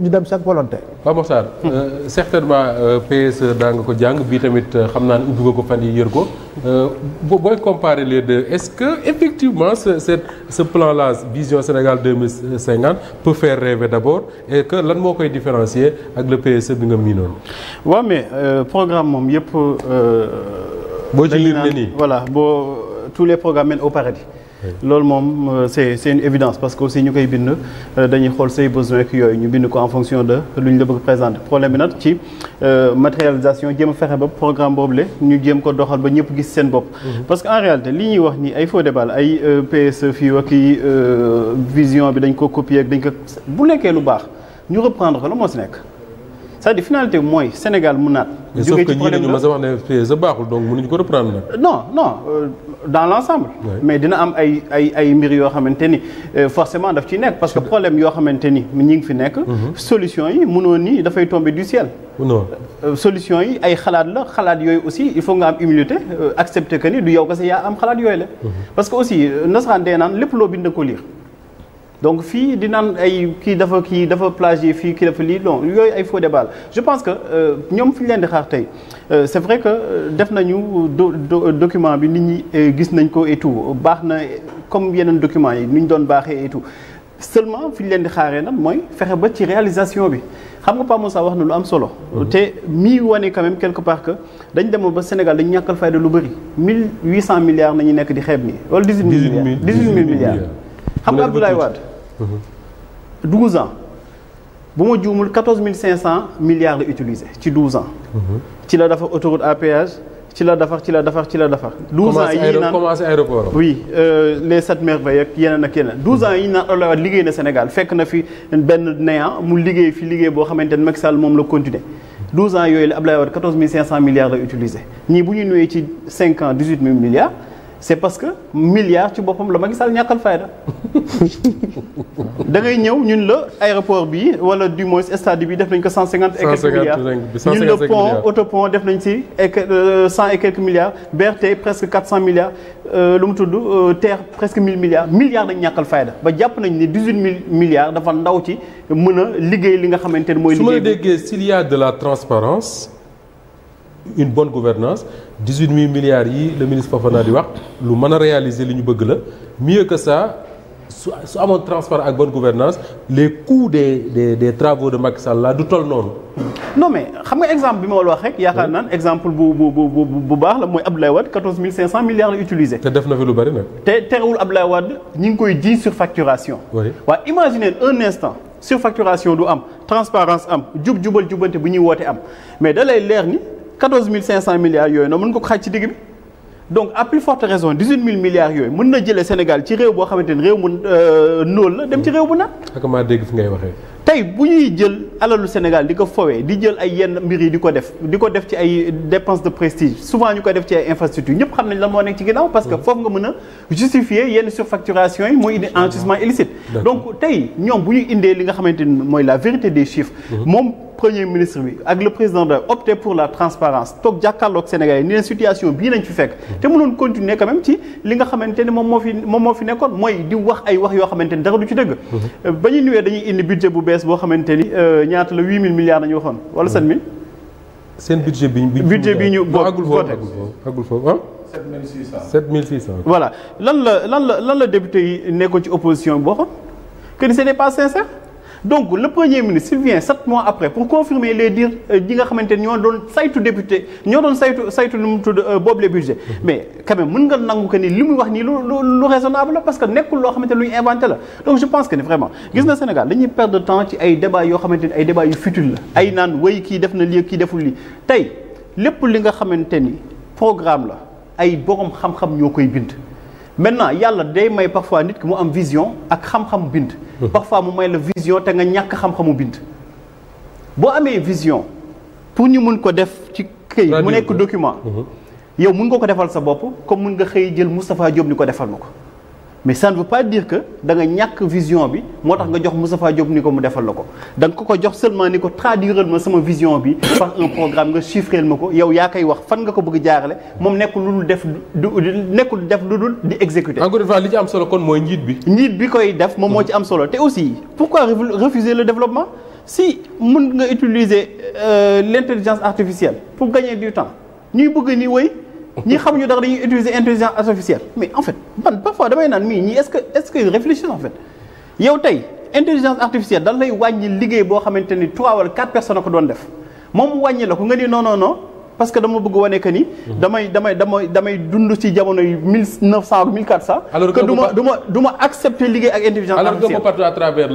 ñu dem chaque volonté. Pape Makhtar hmm. euh, certainement euh, PSE daa nga ko jàng bii tamit euh, xam naa ne ubbi nga ko fan yi yër ko booy comparer les deux est-ce que effectivement ce cette ce plan là vision Sénégal 2050 peut faire rêver d'abord et que lan moo koy différencier ak le PSE bi nga miinoon. waaw mais programme moom yëpp. boo ci lim ne nii voilà boo tous les programmes mènent au paradis. loolu moom euh, c'est c'est une évidence parce que aussi ñu koy bind euh, dañuy xool say besoin ak yooyu ñu bind ko en fonction de lu ñu la bëgg présenter problème bi nag ci euh, matérialisation jéem a fexe ba programme boobu le ñu jéem ko doxal ba ñëpp gis seen bopp. Mhm. parce que en réalité li ñuy wax ni ay faux débat ay PSE fii ak i vision bi dañ ko copier ak dañ ko bu lekkee lu baax ñu reprendre ko la moo si nekk cest à finalité mooy Sénégal mu naat. mais sauf que ñii dañu mas a wax ne PSE baaxul donc mënuñu ko reprendre nag. non non euh, dans l' mais dina am ay ay ay mbir yoo xamante ni euh, forcément daf ci nekk parce que problème yoo xamante ni ñi ngi fi nekk. Mm-hmm. solution yi mënoon nii dafay tomber du ciel. non euh, solution yi ay xalaat la xalaat yooyu aussi il faut nga am humilité accepter que ni du yow kese yaa am xalaat yooyu la. Mm-hmm. parce que aussi nasaraan dee naan lépp loo bind ko liir. donc fii di naan ay kii dafa kii dafa plagier fii kii dafa lii non yooyu ay faux débat la je pense que euh, ñoom fi ñu leen di xaar tey euh, c'est vrai que euh, def nañu document bi nit ñi gis nañ ko et tout baax na comme yeneen documents yi ni ñu doon baaxee et tout fi ñu leen di xaaree nag mooy fexe ba ci réalisation bi xam nga Pa Moussa wax na lu am solo. Mm-hmm. te mii wane quand même quelque part que dañ demoon ba Sénégal dañu ñàkkal fayda lu bëri mille huit cent milliards nañu nekk di xeeb nii. wala dix huit mille milliards dix huit mille milliards xam nga 12 ans bu ma juumul 14500 milliards la utilisé ci 12 ans. ci la defar autoroute à péage ci la defar ci la defar ci la defar. 12 ans yii naan commencé aéroport oui euh, les sept merveilles ak yeneen ak yeneen. 12 ans yi naan Abdoulaye oh Wade liggéey na Sénégal fekk na fi benn néant mu liggéey fi liggéey boo xamante ne Macky Sall moom la continuer 12 ans yooyu la Abdoulaye Wade 14500 milliards la utilisé ñii bu ñu nuyee ci 5 ans 18000 milliards. c'est parce que milliard ci boppam la Macky Sall ñàkkal fayda da ngay ñëw ñun la aéroport bi wala du moins stade bi def nañ ko cent cinquante et quelques milliards ñun la pont autopont def nañ ci et euh, quelques milliards BRT presque quatre cent milliards euh, lu mu tudd euh, terre presque mille milliards milliards dañ ñàkkal fayda ba jàpp nañ ni dix huit mille milliards dafa ndaw ci mën a liggéey li nga xamante ne mooy liggéey su ma déggee s'il y a de la transparence une bonne gouvernance dix-huit mille milliards yi le ministre Fofana di wax lu mën a réaliser li ñu bëgg la mieux que ça su su amoon transparent ak bonne gouvernance les coûts des des des travaux de Macky Sall du toll noonu. non mais xam nga exemple bi ma wax rek. yaakaar naan exemple bu bu bu baax la mooy Abdoulaye Wade 14500 milliards la utilisé. te def na fi lu bari nag. te terewul Abdoulaye Wade ñi ngi koy jiiñ surfacturation. oui waaw imaginez un instant. surfacturation du am transparence am jub jubal jubante bu ñuy woote am mais da lay quatorze mille cinq cent milliards yooyu noonu mën nga ko xaaj ci digg bi donc à plus forte raison dix huit mille milliards yooyu mën na jëlee Sénégal ci réew boo xamante réew mu euh, nóol la dem ci réew bu naan. ak maa dégg fi ngay waxee. tey bu ñuy jël alalu Sénégal di ko fowee di jël ay yenn mbir yi di ko def di ko def ci ay dépenses de prestige souvent ñu koy def ci ay infrastructures ñëpp xam nañ la moo nekk ci ginnaaw. parce que mm-hmm. foofu nga mën a justifier yenn surfacturation yi mooy indi enrichissement illicite. donc tey ñoom bu li nga xamante ni mooy la vérité des chiffres. Mm-hmm. moom premier ministre bi ak le président de opté pour la transparence toog jàkkaarloog Sénégal yi ni leen situation bii nañ fi fekk te mënoon continuer quand même ci li nga xamante ni moom moo fi moom moo fi nekkoon mooy di wax ay wax yoo xamante ni dara du ci dëgg ba ñu nuwee dañuy indi budget bu bees boo xamante ni euh, ñaata la huit mille milliards nañu waxoon wala sept mille seen budget bi ñu budget bi ñu agul foofu agul foofu ah 7600 7600 voilà lan la lan la lan la député yi nekkoon ci opposition bi waxoon que ni donc le premier ministre il vient sept mois après pour confirmer les dires euh, ñi nga xamante ni ñoo doon saytu député ñoo doon saytu saytu nu mu tudd euh, boobu le budget mm-hmm. mais quand même mën nga nangu que ni li muy wax nii lu lu raisonnable la parce que nekkul loo xamante luy inventé la donc je pense que ni vraiment gis na Sénégal dañuy per de temps ci ay débat yoo xamante ni ay débat yu futile la ay naan wéy kii def na lii kii deful lii tey lépp li nga xamante ni programme la ay borom xam ñoo koy bind maintenant yàlla day may parfois nit ki mu am vision ak xam bind parfois mu may la vision te nga ñàkk xam-xamu bind. boo amee vision pour ñu mun ko def ci këyit mu nekk document. Mhm. yow mun nga ko defal sa bopp comme mun nga xëy jël Moustapha Diop ni ko defal ma ko. mais ça ne veut pas dire que da nga ñàkk vision bi moo tax nga jox Moustapha Diop ni ko mu defal la ko danga ko ko jox seulement ni ko traduirel ma sama vision bi par un programme nga chiffreel ma ko yow yaa koy wax fan nga ko bëgg jaarale moom nekkul lu dul def du nekkul def lu dul di exécuter. encore une fois li ci am solo kon mooy njiit bi. njiit bi koy def moom moo ci am solo te aussi pourquoi refuser le développement si mun nga utiliser euh, l'intelligence artificielle pour gagner du temps ñuy bëgg ni woy ñi xamuñu dara dañuy utiliser intelligence artificielle mais en fait man parfois damay naan mii ñii est-ce que est-ce que réfléchissent en fait yow tey intelligence artificielle dan lay wàññi liggéey boo xamante ni trois wala quatre personnes a ko doon def moom wàññi la ko nga ni non parce que dama bëgg wane que ni. Mhm. damay damay dund ci jamono yu mille que du ma du ma accepter liggéey ak intelligence artificielle. alors que partout à ah,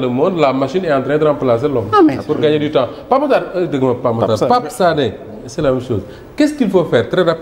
du ma Pape euh,